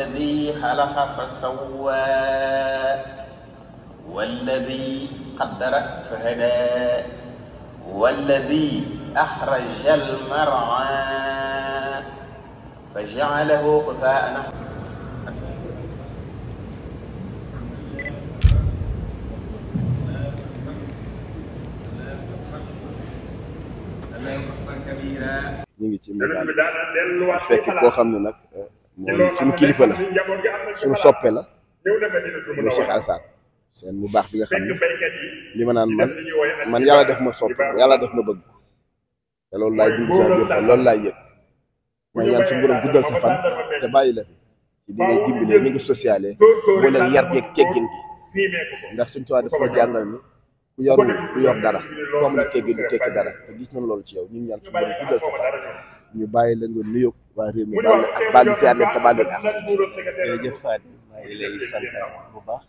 الذي خلق فسوى والذي قدر فهدى والذي أحرج المرعى فجعله غثاء نحو ñu ngi ci misaan fekk koo xam ne nag moom suñu kilifa la suñu soppee la mu Cheikh Alassane seen bu baax bi nga xam ne li ma naan man yàlla def ma soppe yàlla def ma bëgg te loolu laay dund sa biir xol loolu laay yëg mooy ñaan suñu borom guddal sa fan te bàyyi la fi di ngay dimbalee ni nga socialee wala yar yeeg teggin gi ndax suñu tubaab daf ko jàngal ni ku yorul ku yor dara ku amul teggi du tekki dara te gis nañ loolu ci yow ñun ñaan suñu borom ñu bàyyi la nga nuyoog waa réew mi baal ak baal di ziar te baal leen ak jërëjëf Fatou maa ngi lay sant bu baax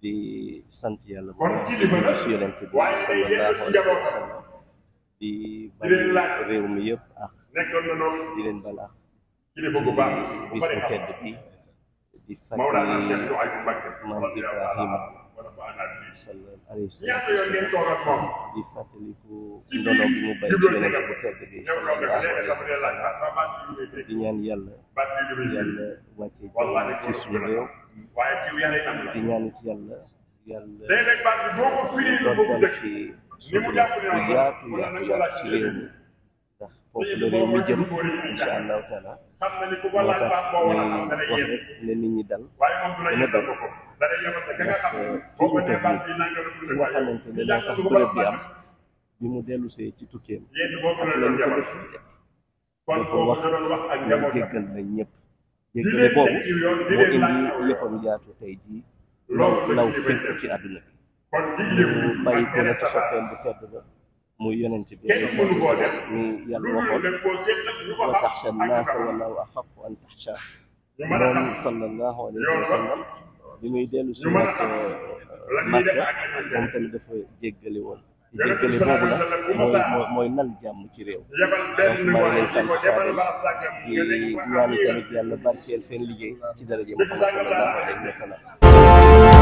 di sant yàlla bu baax di réew mi yëpp ak di leen bal ak bis bu tedd bi di fàttali maam Ibrahima sallam alayhi salaatu wasalaam di fàttaliku ndono bi mu bay ci yonent bu tedd bi sallallahu alayhi wasallam di ñaan yàlla yàlla wàcce jàmm ci suñu réew di ñaan ci yàlla yàlla doon dal fi sutura bu yaatu yaatu yaatu ci réew mi foofu la mi jëm insha allahu taala moo tax wax rek ne nit ñi dal gën dal ndax euh, fii ñu toog nga xamante ne moo tax bërëb bi am bi mu dellu see ci tukkeem ak lañ ko def da ko wax ne jéggal na ñëpp jéggale boobu moo indi yëfam yaatu tey jii law law ci àdduna bi mu bàyyi ko la ci soppeem bu tedd ba muy yonent bi sallallahu alayhi wa sallam mi yàlla waxoon wa taxsha naasa wallaahu axaqqu an taxsha moom sallallahu alayhi wa sallam bi muy dellu si nag Màkka moom tamit dafa jéggale woon te jéggale boobu la mooy mooy nal jàmm ci réew donc maa ngi lay sant Fadel di ñaanu tamit yàlla barkeel seen liggéey ci daraje Muhammad sallallahu alayhi wa sallam